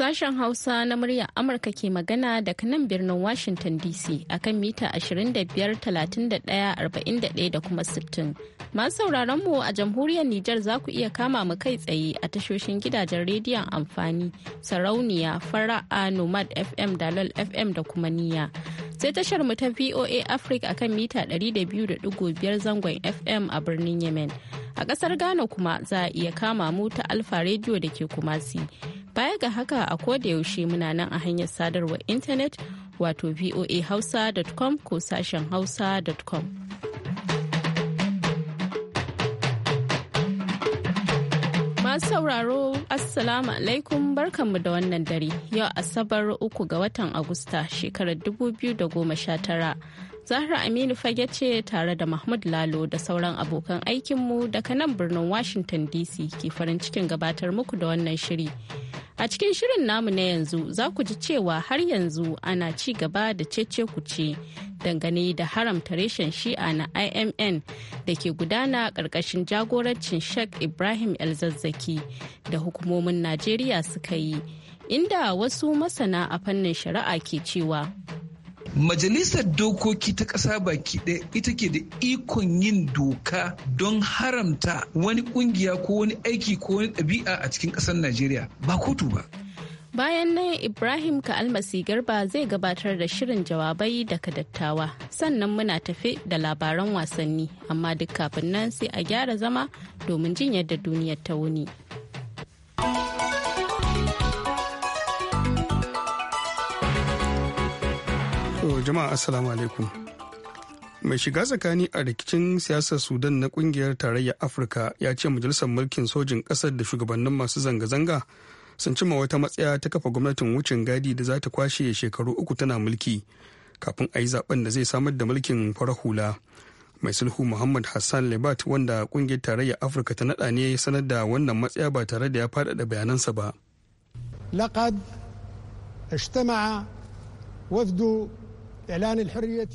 Sashen Hausa na muryar Amurka ke magana daga nan birnin Washington DC akan mita 25-31-41 da kuma 60. Masu sauraron mu a jamhuriyar Nijar za ku iya kama mu kai tsaye a tashoshin gidajen rediyon amfani, sarauniya, fara'a, nomad FM, dalol FM da kuma niya. Sai tashar mu ta VOA Africa akan mita 200.5 zangon FM a birnin Yemen. A ƙasar Ghana kuma za a iya kama mu ta Alfa Radio da ke Kumasi. Baya ga haka a yaushe muna nan a hanyar sadarwar intanet wato voa voahausa.com ko sashen hausa.com. Masu sauraro, Assalamu alaikum barkanmu da wannan dare. Yau Asabar uku ga watan Agusta shekarar 2019. Zahra Aminu fage ce tare da Mahmud Lalo da sauran abokan aikinmu daga nan birnin Washington DC ke farin cikin gabatar muku da wannan shiri. A cikin shirin namu na yanzu za ku ji cewa har yanzu ana ci gaba da cece ku ce. dangane da haramta reshen shi'a na imn da ke gudana ƙarƙashin jagorancin sheikh ibrahim elzazzaki da hukumomin najeriya suka yi inda wasu masana a fannin shari'a ke cewa Majalisar dokoki ta ƙasa baki ɗaya ita ke da ikon yin doka don haramta wani ƙungiya ko wani aiki ko wani ɗabi'a a cikin ƙasar Najeriya ba kotu ba. Bayan nan Ibrahim Ka'almasi Garba zai gabatar da shirin jawabai daga dattawa. Sannan muna tafi da labaran wasanni, amma duk kafin nan sai a gyara zama domin jin yadda duniyar ta wuni. jama'a assalamu alaikum. mai shiga tsakani a rikicin siyasar sudan na kungiyar tarayyar afirka ya ce majalisar mulkin sojin kasar da shugabannin masu zanga-zanga sun cima wata matsaya ta kafa gwamnatin wucin gadi da za ta kwashe shekaru uku tana mulki kafin a yi zaben da zai samar da mulkin farar hula mai sulhu muhammad hassan lebat wanda kungiyar tarayyar afirka ta nada ne sanar da wannan matsaya ba tare da ya faɗaɗa bayanansa ba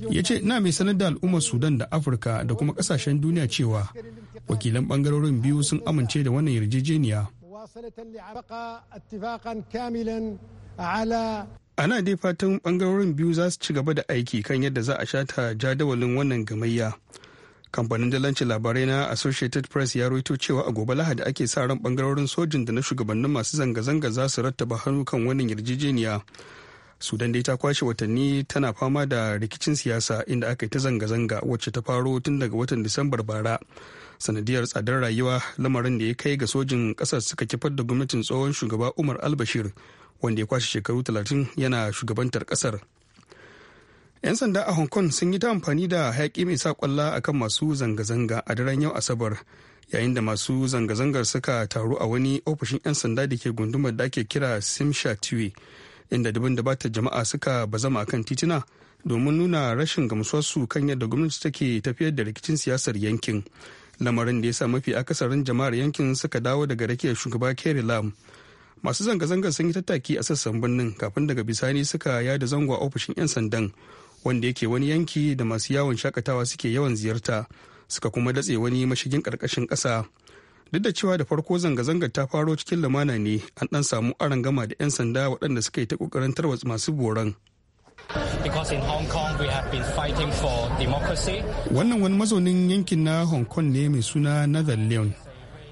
ya ce na mai sanar da al'ummar sudan da afirka da kuma kasashen duniya cewa wakilan bangarorin biyu sun amince da wannan yarjejeniya مراسلة لعبقى اتفاقا كاملا على ana dai fatan bangarorin biyu za su ci gaba da aiki kan yadda za a shata jadawalin wannan gamayya kamfanin dalanci labarai na associated press ya roito cewa a gobe lahadi ake sa ran bangarorin sojin da na shugabannin masu zanga-zanga za su rattaba hannu kan wannan yarjejeniya sudan dai ta kwashe watanni tana fama da rikicin siyasa inda aka yi ta zanga-zanga wacce ta faro tun daga watan disambar bara sanadiyar tsadar rayuwa lamarin da ya kai ga sojin kasar suka kifar da gwamnatin tsohon shugaba umar albashir wanda ya kwashe shekaru talatin yana shugabantar kasar 'yan sanda a hong kong sun yi ta amfani da hayaki mai sa kwalla akan masu zanga-zanga a daren yau asabar yayin da masu zanga-zangar suka taru a wani ofishin 'yan sanda da ke gundumar da ake kira simsha tiwe inda dubin da bata jama'a suka bazama kan tituna domin nuna rashin su kan yadda gwamnati take tafiyar da rikicin siyasar yankin lamarin da ya sa mafi akasarin jama'ar yankin suka dawo daga rakiyar shugaba kerry lam masu zanga-zangar sun yi tattaki a sassan birnin kafin daga bisani suka yada zango a ofishin 'yan sandan wanda yake wani yanki da masu yawon shakatawa suke yawan ziyarta suka kuma datse wani mashigin ƙarƙashin ƙasa duk da cewa da farko zanga-zangar ta faro cikin lamana ne an dan samu gama da 'yan sanda waɗanda suka yi ta ƙoƙarin tarwa masu boran wannan wani mazaunin yankin na hong kong ne mai suna nathan leon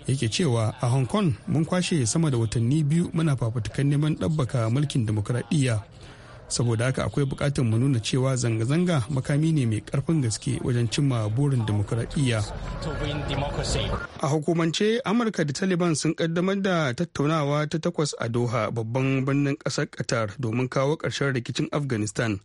yake cewa a hong kong mun kwashe sama da watanni biyu muna fafutukan neman ɗabbaka mulkin demokuraɗiyya saboda haka akwai bukatar mu nuna cewa zanga-zanga makami ne mai karfin gaske wajen cimma burin demokuraɗiyya a hukumance amurka da taliban sun kaddamar da tattaunawa ta takwas a doha babban birnin ƙasar qatar domin kawo ƙarshen rikicin afghanistan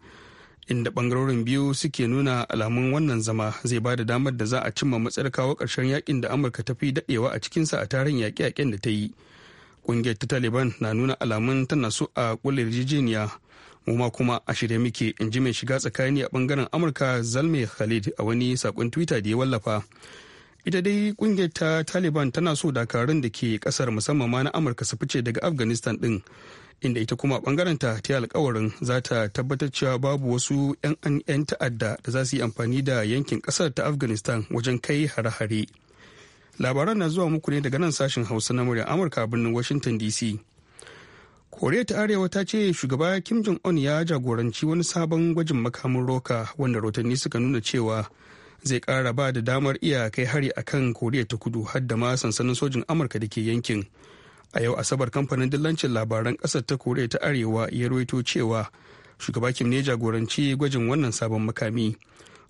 inda bangarorin biyu suke nuna alamun wannan zama zai ba da damar da za a cimma matsayar kawo ƙarshen yakin da amurka ta fi daɗewa a cikinsa a tarin yaƙe-yaƙen da ta yi ƙungiyar ta taliban na nuna alamun tana so a ƙulla yarjejeniya muma kuma a shirya muke in ji mai shiga tsakani a bangaren amurka zalmi khalid a wani sakon twitter da ya wallafa ita dai kungiyar ta taliban tana so dakarun da ke kasar musamman ma na amurka su fice daga afghanistan din inda ita kuma bangaren ta ta alkawarin za ta tabbatar cewa babu wasu 'yan ta'adda da za su yi amfani da yankin kasar ta afghanistan wajen kai hare-hare labaran na zuwa muku ne daga nan sashen hausa na murya amurka birnin washington dc koriya ta arewa ta ce shugaba kim jong un ya jagoranci wani sabon gwajin makamin roka wanda rotanni suka nuna cewa zai kara ba da damar iya kai hari akan koriya ta kudu har da ma sansanin sojin amurka da ke yankin a yau asabar kamfanin dillancin labaran kasar ta koriya ta arewa ya rawaito cewa shugaba kim ne jagoranci gwajin wannan sabon makami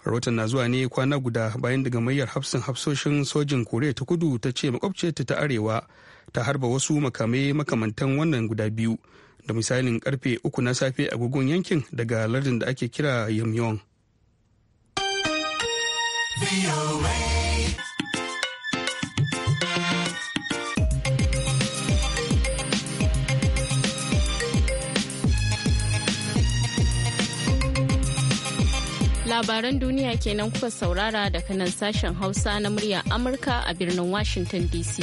rahoton na zuwa ne kwana guda bayan daga mayar hafsin hafsoshin sojin koriya ta kudu ta ce makwabciyarta ta arewa ta harba wasu makamai makamantan wannan guda biyu da misalin karfe uku na safe a gugun yankin daga lardin da ake kira yamyon labaran duniya kenan kuka saurara daga nan sashen hausa na murya amurka a birnin washington dc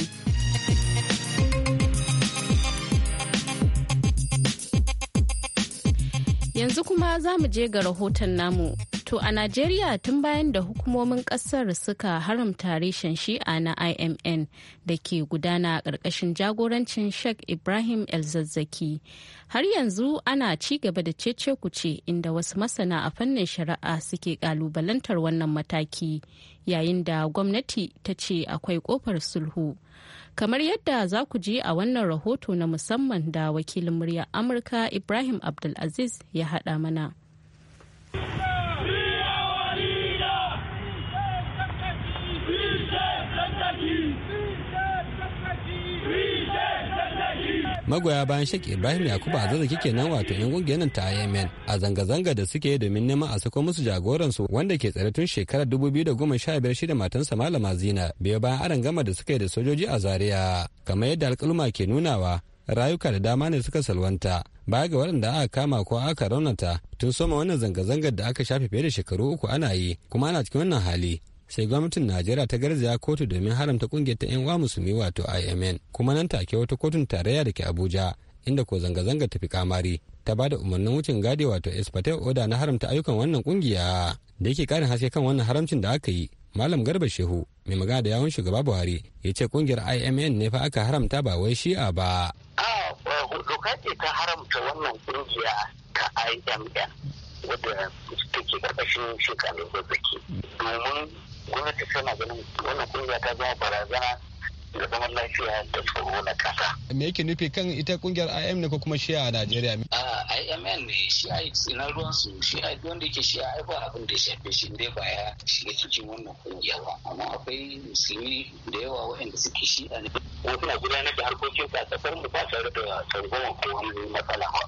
Yanzu kuma za mu je ga rahoton namu. To a Najeriya tun bayan da hukumomin kasar suka haramta reshen shi'a na IMN da ke gudana a ƙarƙashin jagorancin Sheikh Ibrahim El-Zazzaki. Har yanzu ana ci gaba da cece kuce inda wasu masana a fannin shari'a suke ƙalubalantar wannan mataki yayin da gwamnati ta ce akwai ƙofar sulhu. kamar yadda za ku ji a wannan rahoto na musamman da wakilin muryar amurka ibrahim abdulaziz ya haɗa mana. magoya bayan shek ibrahim yakubu a zazzaki kenan wato yan kungiyar nan ta yemen a zanga-zanga da suke yi domin neman a sako musu jagoransu wanda ke tsare tun shekarar 2015 shi da matansa malama zina biyo bayan aron gama da suka yi da sojoji a zaria kamar yadda alkaluma ke nunawa rayuka da dama ne suka salwanta baya ga waɗanda aka kama ko aka raunata tun soma wannan zanga-zangar da aka shafe fiye da shekaru uku ana yi kuma ana cikin wannan hali sai gwamnatin najeriya ta garzaya kotu domin haramta kungiyar ta 'yan uwa musulmi wato imn kuma nan take wata kotun tarayya da ke abuja inda ko zanga-zanga fi kamari ta ba da umarnin wucin gadi wato espatel oda na haramta ayyukan wannan kungiya da yake karin haske kan wannan haramcin da aka yi malam garba shehu mai magana da yawon shugaba buhari ya ce kungiyar imn ne fa aka haramta ba wai shi'a ba a eh, doka ce ta haramta wannan kungiya ta imn wadda take karkashin shekarun zazzaki domin gwamnati tana ganin wannan kungiya ta zama barazana da zaman lafiya da tsaro na kasa. Me yake nufi kan ita kungiyar IM ne ko kuma shiya a Najeriya? IMN ne shiya na ruwan su shiya wanda yake shiya ai ba abin da ya shafe shi dai ba ya shiga cikin wannan kungiya ba amma akwai musulmi da yawa waɗanda suke shiya ne. Wasu na gudanar da harkokin a kasar mu ba tare da tsangwama ko wani matsala ba.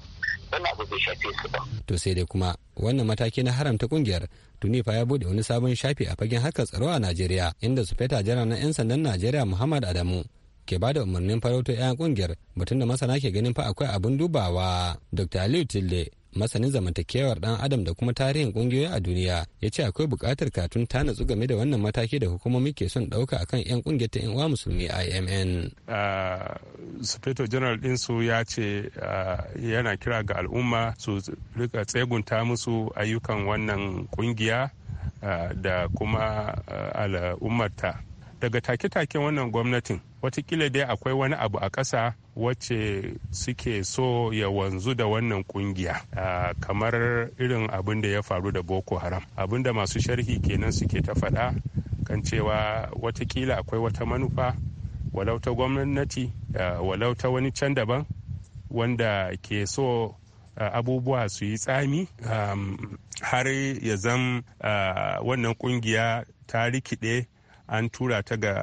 wannan abu bai shafe su ba. To sai dai kuma wannan mataki na haramta kungiyar tuni fa ya bude wani sabon shafi a fagen harkar tsaro a Najeriya inda su feta jana na 'yan sandan Najeriya Muhammad Adamu ke ba da umarnin farauta 'yan kungiyar batun da masana ke ganin fa akwai abin dubawa. Dr. Aliyu tile. masanin zamantakewar dan adam da kuma tarihin kungiyoyi a duniya ya ce akwai bukatar katun ta natsu game da wannan mataki da hukumomi ke son ɗauka akan 'yan kungiyar ta 'yan uwa musulmi imn uh, sufeto general ɗinsu ya ce uh, yana kira ga al'umma su rika tsegunta musu ayyukan wannan kungiya uh, da kuma al'ummarta daga take-taken wannan gwamnatin watakila dai akwai wani abu a ƙasa wacce suke so ya wanzu da wannan ƙungiya. kamar irin abin da ya faru da boko haram abin da masu sharhi kenan suke ta faɗa kan cewa watakila akwai wata manufa walauta ta gwamnati walau wani can daban wanda ke so abubuwa su yi tsami har ya zam wannan kungiya ta rikide an tura ta ga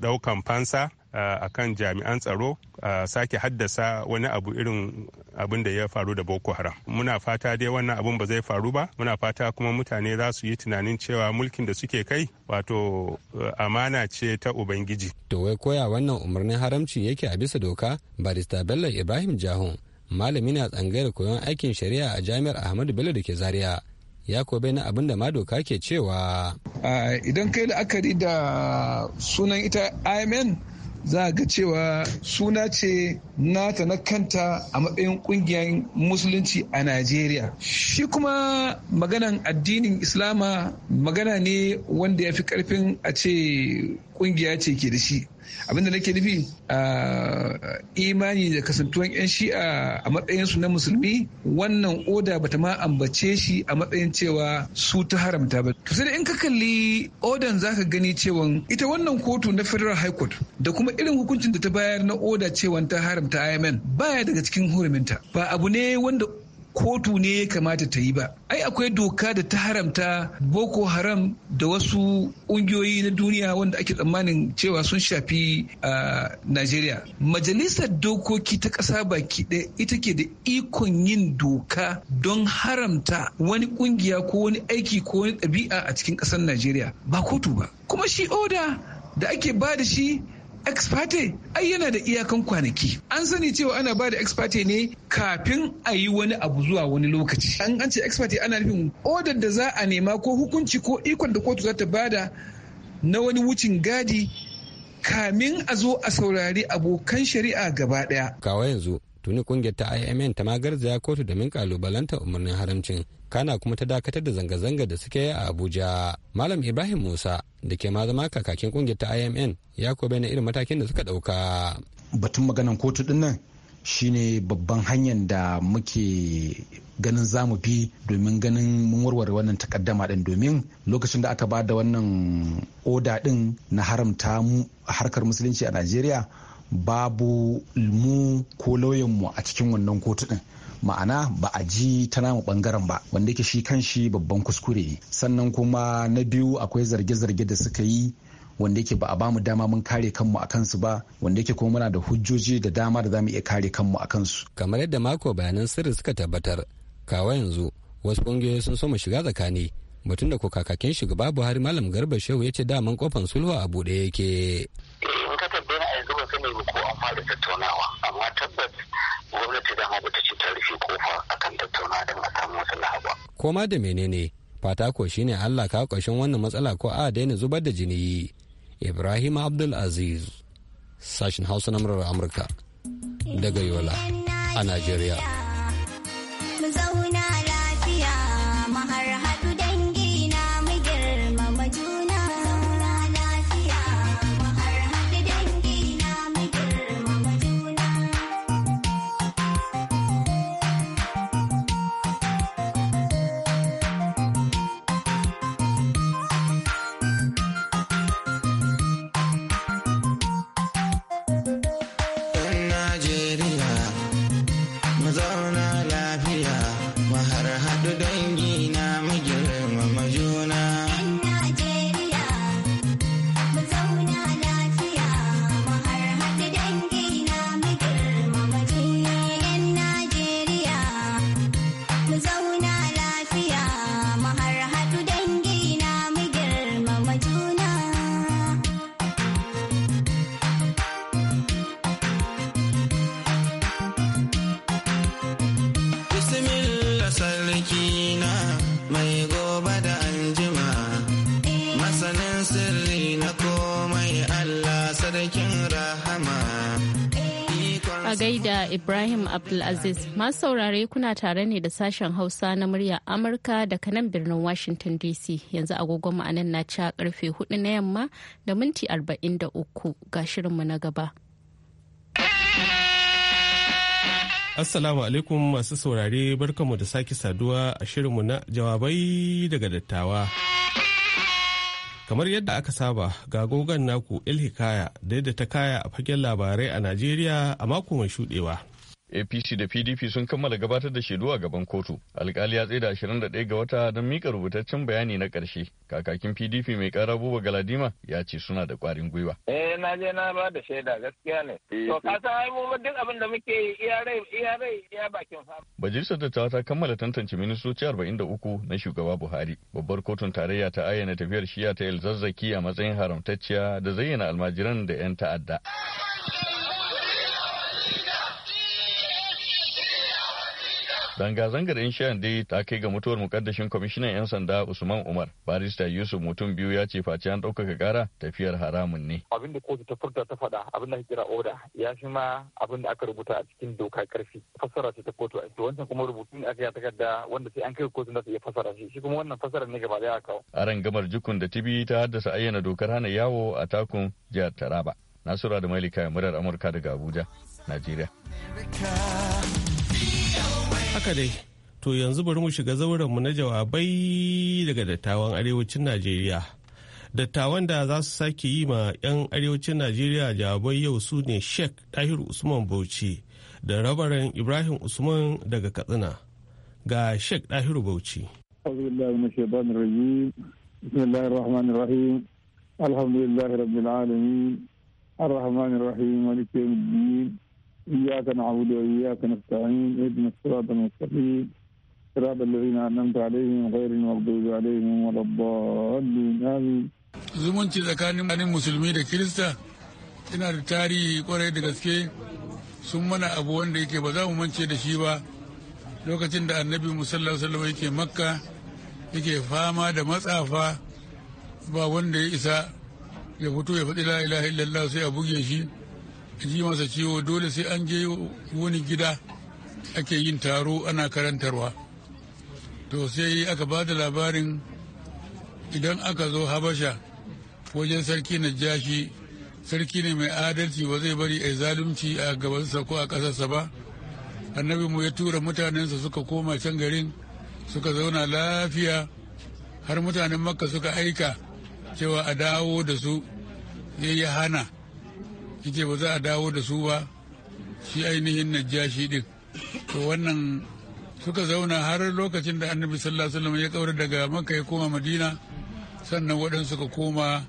daukan fansa eh, a kan jami'an tsaro eh, sake haddasa wani abu irin abin da ya faru da boko haram muna fata dai wannan abun ba zai faru ba muna fata kuma mutane za su yi tunanin cewa mulkin da suke kai wato eh, amana ce ta ubangiji to wai koya wannan umarnin haramci yake a bisa doka barista bello ibrahim jahun malami na tsangayar koyon aikin shari'a a jami'ar ahmadu bello da ke zaria ya kobe na abin da ma doka ke cewa idan kai la'akari da sunan ita imn za ga cewa suna ce nata na kanta a matsayin kungiyar musulunci a najeriya shi kuma maganan addinin islama magana ne wanda ya fi karfin a ce kungiya ce ke da shi abinda nake nufi imani da kasantuwan 'yan shi'a a matsayinsu na musulmi wannan oda bata ma ambace shi a matsayin cewa su ta haramta ba to sai in ka kalli odan zaka gani cewa ita wannan kotu na federal high court da kuma irin hukuncin da ta bayar na oda cewa ta haramta imn baya daga cikin huruminta ba abu ne wanda kotu ne ya kamata ta yi ba ai akwai doka da ta haramta boko haram da wasu ƙungiyoyi na duniya wanda ake tsammanin cewa sun shafi a najeriya majalisar dokoki ta ƙasa baki ɗaya ita ke da ikon yin doka don haramta wani ƙungiya ko wani aiki ko wani ɗabi'a a cikin ƙasar najeriya ba kotu ba kuma shi oda da ake ba da shi expate ai yana da iyakan kwanaki an sani cewa ana ba da expate ne kafin a yi wani abu zuwa wani lokaci an an ce expate ana nufin odar da za a nema ko hukunci ko ikon da kotu za ta bada na wani wucin gadi kamin a zo a saurari abokan shari'a gaba daya. kawai yanzu tuni kungiyar ta imn ta magarzaya kotu domin kalubalanta umarnin haramcin kana kuma ta dakatar da zanga-zanga da suke a abuja malam ibrahim musa da ke ma zama kakakin kungiyar ta imn ya ko na irin matakin da suka dauka batun maganan kotu din nan shine babban hanyar da muke ganin zamu bi domin ganin mun warware wannan takaddama din domin lokacin da aka ba da wannan oda din na haramta harkar musulunci a najeriya babu mu ko lauyanmu a cikin wannan kotu din ma'ana ba a ji ta namu bangaren ba wanda yake shi kan shi babban kuskure sannan kuma na biyu akwai zarge-zarge da suka yi wanda yake ba a bamu dama mun kare kanmu a kansu ba wanda yake kuma muna da hujjoji da dama da zamu iya kare kanmu a kansu kamar yadda mako bayanan sirri suka tabbatar kawa yanzu wasu kungiyoyi sun so mu shiga tsakani batun da ko kakakin shugaba Buhari Malam Garba Shehu ya ce daman kofan sulhu a buɗe yake ne ko an fara tattaunawa amma tabbas gwamnati dama hagu ta ce ta rufe kofa akan tattauna don a samu matsala ba. koma da menene fata ko shine allah ka kwashin wannan matsala ko a daina zubar da jini ibrahim abdul aziz sashen hausa na murar amurka daga yola a najeriya. zauna Ibrahim Abdulaziz. Masu saurare kuna tare ne da sashen Hausa na murya Amurka daga nan birnin Washington DC. Yanzu agogon ma'anan na ci karfe 4 na yamma da minti 43 ga shirinmu na gaba. Assalamu alaikum masu saurare barkamu da sake saduwa a shirinmu na jawabai daga dattawa. kamar yadda aka saba ga gogon naku ilhikaya da yadda ta kaya a fagen labarai a najeriya a mako mai shudewa apc da pdp sun kammala gabatar da shaidu a gaban kotu alkali ya da 21 ga wata don mika rubutaccen bayani na ƙarshe kakakin pdp mai ƙara buba galadima ya ce suna da ƙwarin gwiwa eh na je na ba da shaida gaskiya ne to ka san ai mu duk abin da muke yi iya rai iya rai iya bakin fama bajisar dattawa ta kammala tantance ministoci 43 na shugaba buhari babbar kotun tarayya ta ayyana tafiyar shiya ta il-zazzaki a matsayin haramtacciya da zayyana almajiran da 'yan ta'adda Zanga-zangar yan shayan dai ta kai ga mutuwar mukaddashin kwamishinan 'yan sanda Usman Umar. Barista Yusuf mutum biyu ya ce face an ɗaukaka ƙara tafiyar haramun ne. Abin da kotu ta furta ta faɗa abin da kira oda ya fi ma abin da aka rubuta a cikin doka ƙarfi. fasara ce ta kotu a to wancan kuma rubutu ne aka yi takarda wanda sai an kai kotu za ta iya fassara shi. Shi kuma wannan fassara ne gaba ɗaya kawo. ran gamar jukun da tibi ta haddasa ayyana dokar hana yawo a takun jihar Taraba. Nasura da Malika Murar Amurka daga Abuja, Najeriya. haka dai to yanzu bari mu shiga zauren mu na jawabai daga dattawan arewacin najeriya dattawan da za su sake yi ma 'yan arewacin najeriya jawabai yau su ne sheikh dahir usman bauchi da rabaran ibrahim usman daga katsina ga sheikh dahir bauchi الحمد لله رب العالمين الرحمن الرحيم مالك يوم الدين إياك نعبد وإياك نستعين اهدنا الصراط المستقيم صراط الذين أنعمت عليهم غير المغضوب عليهم ولا الضالين آمين zumunci tsakanin musulmi da kirista yana da tarihi kwarai da gaske sun mana abu wanda yake ba za mu mance da shi ba lokacin da annabi musallar salama yake makka yake fama da matsafa ba wanda ya isa ya fito ya faɗi la ilaha illallah sai a buge shi ji masa ciwo dole sai an je wani gida ake yin taro ana karantarwa to sai aka ba da labarin idan aka zo habasha wajen sarki na jashi sarki ne mai adalci ba zai bari a zalunci a gabansa ko a ƙasarsa ba annabi mu ya tura mutanensa suka koma can garin suka zauna lafiya har mutanen makka suka aika cewa a dawo da su ya yi hana kike ba za a dawo da su ba shi ainihin najashi din to wannan suka zauna har lokacin da annabi sallallahu alaihi wasallam ya kaura daga makka ya koma madina sannan waɗansu suka koma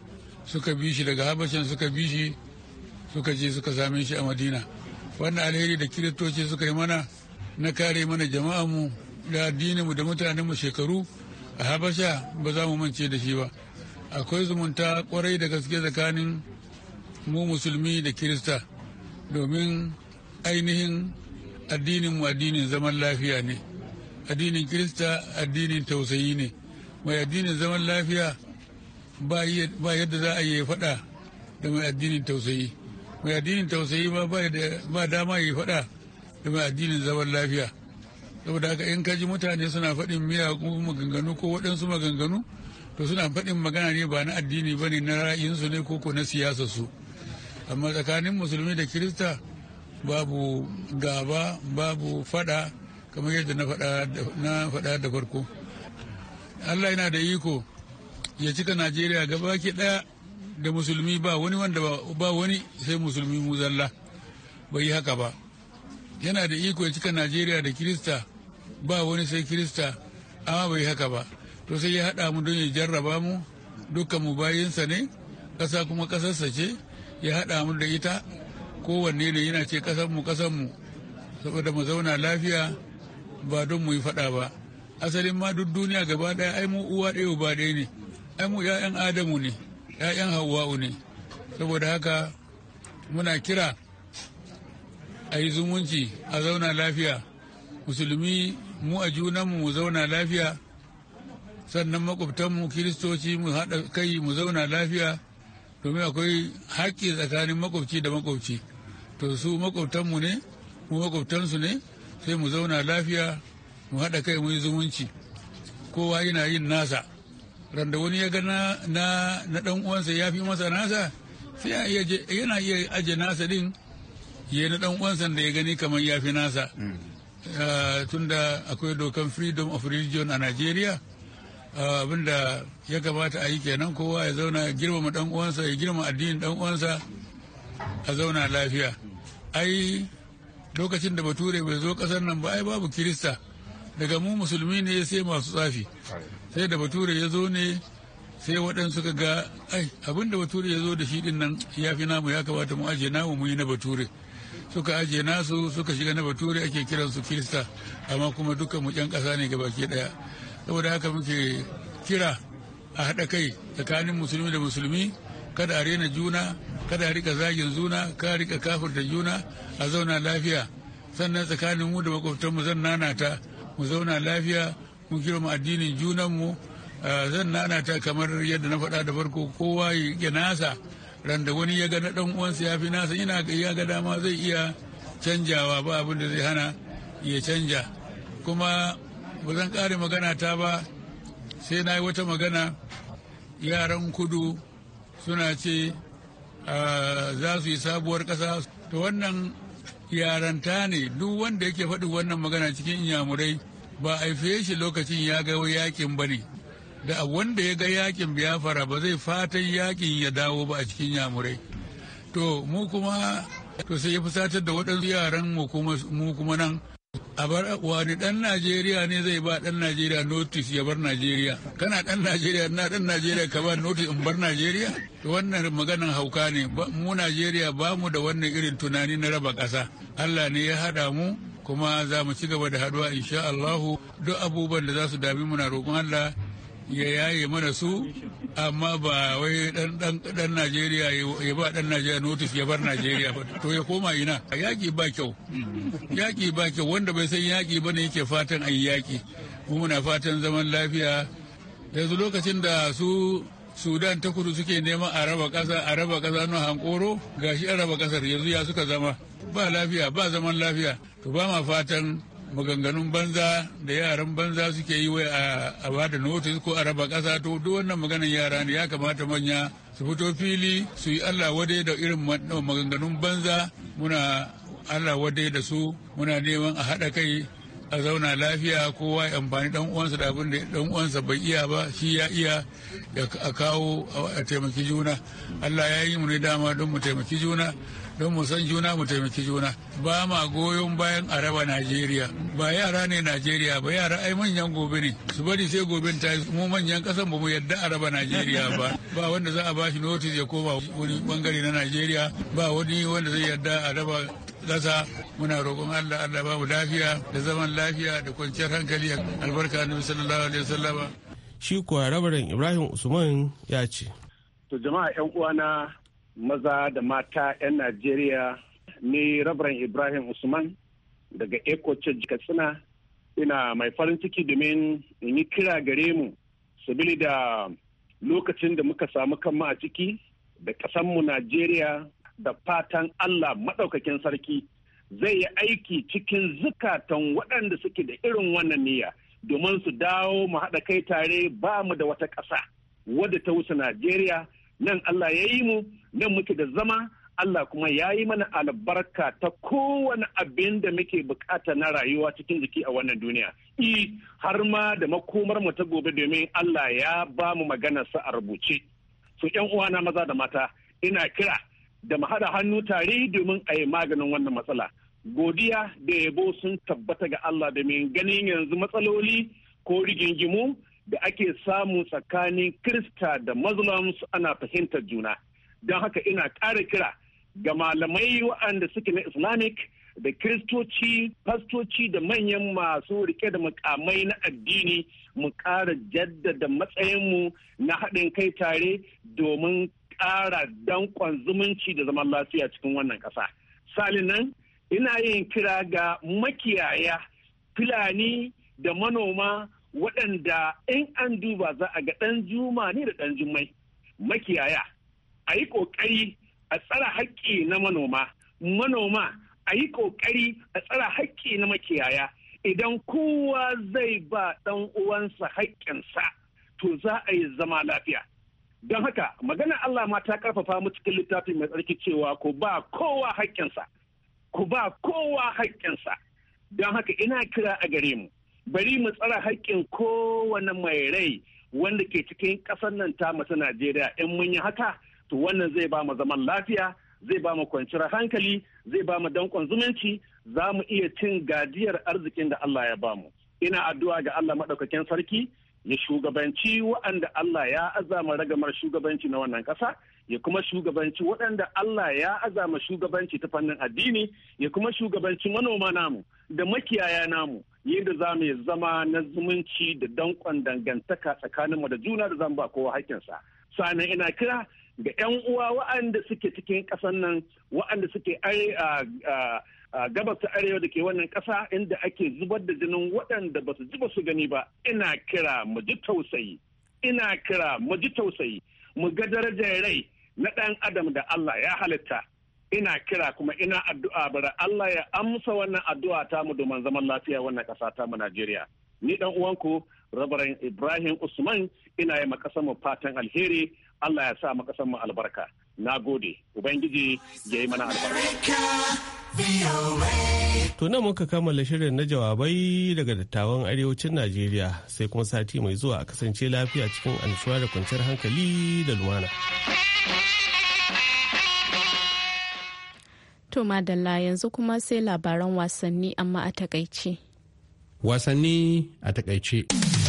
suka bi shi daga habashin suka bi shi suka je suka same shi a madina wannan alheri da kiristoci suka yi mana na kare mana jama'anmu da addininmu da mutanenmu shekaru a habasha ba za mu mance da shi ba akwai zumunta kwarai da gaske tsakanin mu musulmi da kirista domin ainihin addinin mu addinin zaman lafiya ne addinin kirista addinin tausayi ne mai addinin zaman lafiya ba yadda za a yi faɗa da mai addinin tausayi mai addinin tausayi ba ba dama yi faɗa da mai addinin zaman lafiya saboda haka in kaji mutane suna faɗin miyagun maganganu ko waɗansu maganganu to suna faɗin magana ne ba na addini ba ne na ra'ayinsu ne ko na siyasa su amma tsakanin musulmi da kirista babu gaba babu fada kamar yadda na fada da farko allah yana da iko ya cika najeriya gaba daya da musulmi ba wani wanda ba wani sai musulmi mu zalla bai yi haka ba yana da iko ya cika najeriya da kirista ba wani sai kirista amma bai haka ba to sai ya haɗa mu don ya jarraba mu dukkan mu bayinsa ne ƙasa kuma ƙasarsa ce ya haɗa mu da ita kowanne ne yana ce ƙasanmu mu saboda mu zauna lafiya ba don mu yi faɗa ba asalin ma duk duniya gaba ɗaya ai mu uwa ɗaya uba ɗaya ne ai mu 'ya'yan adamu ne 'ya'yan hawa'u ne saboda haka muna kira a yi zumunci a zauna lafiya musulmi mu a junan mu zauna lafiya sannan mu kiristoci mu haɗa kai mu zauna lafiya domin akwai haƙƙi tsakanin makwabci da makwabci to su makwabtanmu ne mu makwabtansu ne sai mu zauna lafiya mu haɗa kai mu yi zumunci kowa yana yin nasa randa wani ya ga na ɗan uwansa ya fi masa nasa sai yana iya aje nasa din ya na ɗan uwansa da ya gani kamar ya fi nasa mm. ah, tunda akwai dokan freedom of religion a nigeria. Eh, abin da ya kamata a yi kenan kowa ya zauna girma dan uwansa ya girma addinin dan uwansa a zauna lafiya ai lokacin da bature bai zo kasar nan ba ai babu kirista daga mu musulmi ne sai masu tsafi sai da bature ya zo ne sai waɗansu ka ga ai abin da bature ya zo da shi din nan ya fi namu ya kamata mu aje namu mu yi na bature suka aje nasu suka shiga na bature ake kiransu kirista amma kuma dukkan mu 'yan ƙasa ne gabaki ɗaya saboda haka muke kira a haɗa kai tsakanin musulmi da musulmi kada a rena juna kada a rika zagin juna kada a rika kafir da juna a zauna lafiya sannan tsakanin mu da mu zan nanata mu zauna lafiya mu kira mu addinin junanmu zan nanata kamar yadda na faɗa da farko kowa ya nasa ran da wani ya ga na ɗan uwansa ya fi nasa ina ya ga dama zai iya canjawa ba abin da zai hana ya canja kuma ba zan kare magana ta ba sai na yi wata magana yaran kudu suna ce ah, za su yi sabuwar ƙasa to wannan yaranta ne duk wanda yake faɗi wannan magana cikin inyamurai ba a haife shi lokacin ya ga yakin ba ne da wanda ya ga yakin biyafara ba zai fatan yakin ya dawo ba a cikin yamurai to mu kuma to sai ya fusatar da waɗansu yaran mu kuma nan a bar wani dan najeriya ne zai ba dan najeriya notis ya bar najeriya kana dan najeriya na dan najeriya ka ba notis in bar najeriya to wannan maganan hauka ne mu najeriya ba mu da wannan irin tunani na raba kasa allah ne ya haɗa mu kuma za mu ci gaba da haɗuwa insha allahu duk abubuwan da za su dami muna roƙon allah ya yaye mana su amma ba wai dan Najeriya ya ba dan Najeriya notice ya bar Najeriya ba to ya koma ina yaki ba kyau yaki ba kyau wanda bai san yaki ba ne yake fatan yi yaki kuma muna fatan zaman lafiya yanzu lokacin da su sudan ta kudu suke neman a raba kasa a raba kasa na hankoro gashi a raba kasar yanzu ya suka zama ba lafiya ba zaman lafiya to ba ma fatan maganganun banza da yaran banza suke yi wai a bada notis ko a raba kasa to duk wannan maganan yara ne ya kamata manya su fito fili su yi allah wadai da irin maganganun banza muna allah wadai da su muna neman a haɗa kai a zauna lafiya kowa ya amfani dan uwansa da abin da dan uwansa bai iya ba shi ya iya ya kawo a taimaki juna Allah ya yi mu ne dama don mu taimaki juna don mu san juna mu taimaki juna ba ma goyon bayan araba najeriya ba yara ne najeriya ba yara ai manyan gobe ne su bari sai gobe ta mu manyan kasan ba mu yadda araba najeriya ba ba wanda za a bashi notice ya koma wani bangare na najeriya ba wani wanda zai yadda araba raba ƙasa muna roƙon Allah Allah ba mu lafiya da zaman lafiya da kwanciyar hankali albarka annabi sallallahu alaihi wasallam shi kuwa rabarin Ibrahim Usman ya ce to jama'a yan uwana maza da mata 'yan Najeriya ni Rabran Ibrahim Usman daga Eko Church Katsina ina mai farin ciki domin in yi kira gare mu sabili da lokacin da muka samu kanmu a ciki da ƙasanmu Najeriya da fatan Allah maɗaukakin sarki zai yi aiki cikin zukatan waɗanda suke da irin wannan niyya domin su dawo mu haɗa kai tare ba mu da wata ƙasa wadda ta wuce Najeriya nan Allah ya yi mu nan muke da zama Allah kuma ya yi mana albarka ta kowane abin da muke bukata na rayuwa cikin jiki a wannan duniya. I har ma da makomar mu ta gobe domin Allah ya ba mu sa a rubuce. So ‘yan uwana maza da mata ina kira da mu haɗa hannu tare domin a yi maganin wannan matsala. Godiya da yabo sun tabbata ga Allah domin ganin yanzu matsaloli ko rigingimu da ake samu tsakanin krista da muslims ana fahimtar juna don haka ina ƙara kira ga malamai waɗanda suke na islamic da kristoci fastoci da manyan masu rike da mukamai na addini mu ƙara jaddada matsayinmu na haɗin kai tare domin ƙara danƙon zumunci da zaman lafiya cikin wannan ƙasa salinan ina yin kira ga makiyaya fulani da manoma waɗanda in an duba za a ga ɗan juma ne da ɗan jumai makiyaya a yi ƙoƙari a tsara haƙƙi na manoma manoma a yi ƙoƙari a tsara haƙƙi na makiyaya idan kowa zai ba ɗan uwansa haƙƙinsa to za a yi zama lafiya don haka magana Allah ma ta ƙarfafa mu cikin littafi mai tsarki cewa ku ba kowa haƙƙinsa ku ba kowa haƙƙinsa don haka ina kira a gare mu bari mu tsara haƙƙin kowane mai rai wanda ke cikin ƙasar nan ta ta Najeriya in mun yi haka to wannan zai ba mu zaman lafiya zai ba mu kwanciyar hankali zai ba mu danƙon zumunci za mu iya cin gajiyar arzikin da Allah ya ba mu ina addu'a ga Allah maɗaukakin sarki ya shugabanci waɗanda Allah ya azama ragamar shugabanci na wannan ƙasa ya kuma shugabanci waɗanda Allah ya azama shugabanci ta fannin addini ya kuma shugabanci manoma namu da makiyaya namu yadda za mu zama na zumunci da dankon dangantaka tsakaninmu da juna da zan ba kowa hakinsa sannan ina kira ga 'yan uwa wa'anda suke cikin ƙasan nan wa'anda suke gabas ta arewa da ke wannan ƙasa inda ake zubar da jinin waɗanda ba su ji su gani ba ina kira mu ji tausayi ina kira mu ji tausayi mu ga darajar rai na ɗan adam da Allah ya halitta ina kira kuma ina addu'a bara Allah ya amsa wannan addu'a ta mu domin zaman lafiya wannan ƙasa ta mu Najeriya. Ni dan uwanku Rabaran Ibrahim Usman ina yi makasar mu fatan alheri Allah ya sa makasar mu albarka. Na gode, Ubangiji ya yi mana albarka. To nan muka kammala shirin na jawabai daga dattawan arewacin Najeriya sai kuma sati mai zuwa a kasance lafiya cikin annashuwa da kwanciyar hankali da lumana. To madalla yanzu kuma sai labaran wasanni amma a takaice. Wasanni a takaice.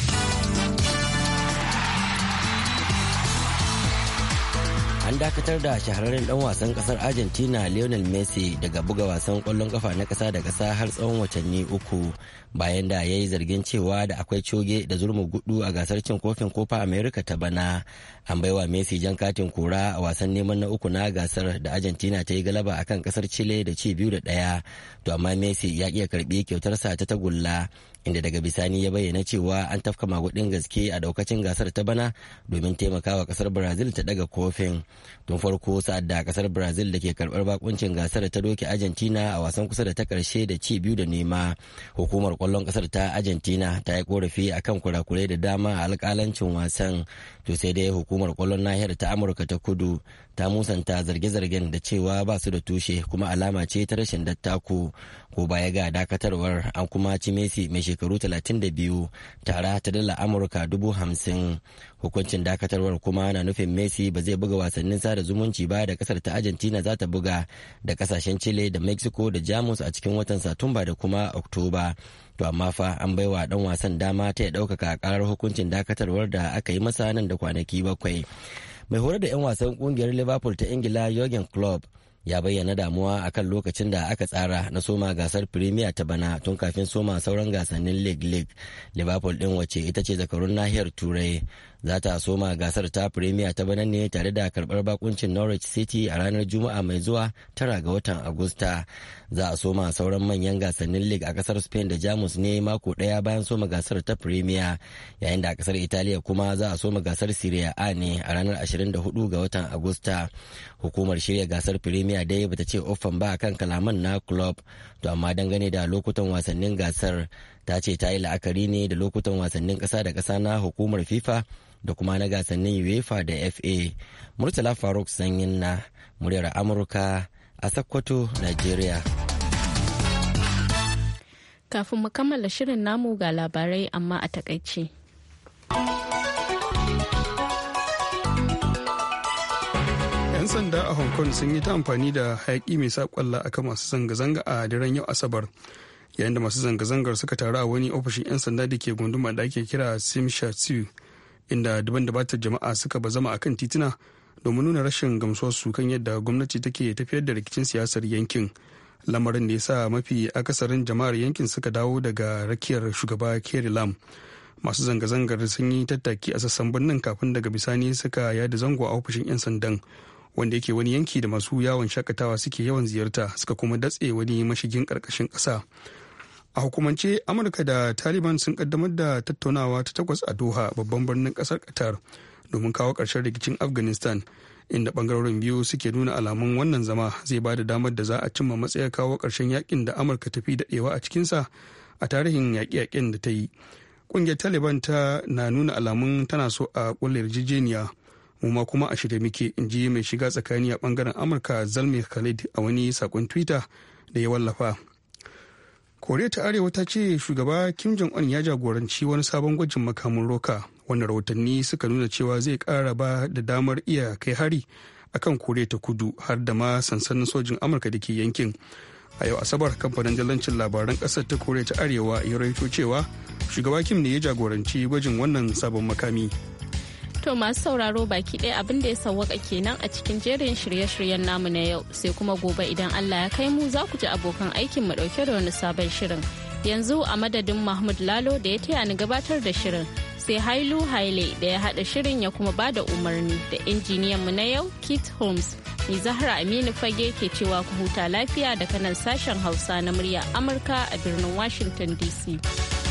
an dakatar da shahararren dan wasan kasar argentina lionel messi daga buga wasan kwallon kafa na kasa da kasa har tsawon watanni uku bayan da ya yi zargin cewa da akwai coge da zurma gudu a gasar cin kofin kofa america ta bana an baiwa messi jan katin kura a wasan neman na uku na gasar da argentina ta yi galaba akan kasar chile da ci biyu da daya to amma messi ya iya karbi kyautarsa ta tagulla inda daga bisani ya bayyana cewa an tafka magudin gaske a daukacin gasar ta bana domin taimakawa kasar brazil ta daga kofin tun farko sa'ad da kasar brazil da ke karbar bakuncin gasar ta doke argentina a wasan kusa da ta karshe da ci biyu da nema hukumar kwallon kasar ta argentina ta yi korafi akan kurakurai da dama a alkalancin wasan to sai dai hukumar kwallon nahiyar ta amurka ta kudu ta musanta zarge-zargen da cewa ba su da tushe kuma alama ce ta rashin dattako ko baya ga dakatarwar an kuma ci messi mai shekaru 32 tara ta dala amurka dubu hamsin hukuncin dakatarwar kuma na nufin messi ba zai buga wasannin sada zumunci ba da kasar ta argentina za ta buga da kasashen chile da mexico da jamus a cikin watan satumba da kuma oktoba to amma fa an baiwa dan wasan dama ta ya ɗaukaka karar hukuncin dakatarwar da aka yi masa nan da kwanaki bakwai mai horar da 'yan wasan kungiyar liverpool ta ingila Jurgen Klopp ya bayyana damuwa akan lokacin da aka tsara na soma gasar premier ta bana tun kafin soma sauran gasannin league league liverpool din wace ita ce zakarun nahiyar turai za ta soma gasar ta Premier ta bana ne tare da karbar bakuncin Norwich City a ranar Juma'a mai zuwa tara ga watan Agusta. Za a soma sauran manyan gasannin League a kasar Spain da Jamus ne mako daya bayan soma gasar ta Premier yayin da a kasar Italiya kuma za a soma gasar syria A ne a ranar 24 ga watan Agusta. Hukumar shirya gasar Premier dai bata ce ofan ba kan kalaman na club to amma dangane da lokutan wasannin gasar ta ce ta yi la'akari ne da lokutan wasannin ƙasa da ƙasa na hukumar fifa da kuma na gasannin uefa da fa murtala faruk sanyin na muryar amurka a sakkwato nigeria kafin mu kammala shirin namu ga labarai amma a takaice yan sanda a hong kong sun yi ta amfani da hayaki mai saƙon kan masu zanga-zanga a daren yau asabar yayin da masu zanga-zangar suka taru a wani ofishin 'yan sanda da ke gunduma da ake kira simshatsu inda daban dabatar jama'a suka ba zama akan tituna domin nuna rashin su kan yadda gwamnati take tafiyar da rikicin siyasar yankin lamarin da ya sa mafi akasarin jama'ar yankin suka dawo daga rakiyar shugaba kerry lam masu zanga-zangar sun yi tattaki a sassan birnin kafin daga bisani suka yada zango a ofishin 'yan sandan wanda yake wani yanki da masu yawon shakatawa suke yawan ziyarta suka kuma datse wani mashigin karkashin kasa. a hukumance amurka da taliban sun kaddamar da tattaunawa ta takwas a doha babban birnin kasar qatar domin kawo ƙarshen rikicin afghanistan inda bangarorin biyu suke nuna alamun wannan zama zai ba da damar da za a cimma matsayar kawo karshen yakin da amurka ta fi daɗewa a cikinsa a tarihin yaƙe-yaƙen da ta yi ƙungiyar taliban ta na nuna alamun tana so a ƙulle yarjejeniya mu ma kuma a shirye muke in ji mai shiga tsakani a bangaren amurka zalmi khalid a wani saƙon twitter da ya wallafa koriya ta arewa ta ce shugaba kim jong un ya jagoranci wani sabon gwajin makamin roka wanda rahotanni suka nuna cewa zai kara ba da damar iya kai hari akan koriya ta kudu har da ma sansanin sojin amurka da ke yankin a yau asabar kamfanin dalancin labaran kasar ta koriya ta arewa ya raito cewa shugaba kim ne ya jagoranci gwajin wannan sabon makami To masu sauraro baki ɗaya abin da ya sawwaka kenan a cikin jerin shirye-shiryen namu na yau sai kuma gobe idan Allah ya kai mu za ku ji abokan aikin mu ɗauke da wani sabon shirin. Yanzu a madadin Mahmud Lalo da ya taya ni gabatar da shirin sai Hailu Haile da ya haɗa shirin ya kuma bada umarni da injiniyan mu na yau Kit Holmes. Ni Zahra Aminu Fage ke cewa ku huta lafiya da kanan sashen Hausa na murya Amurka a birnin Washington DC.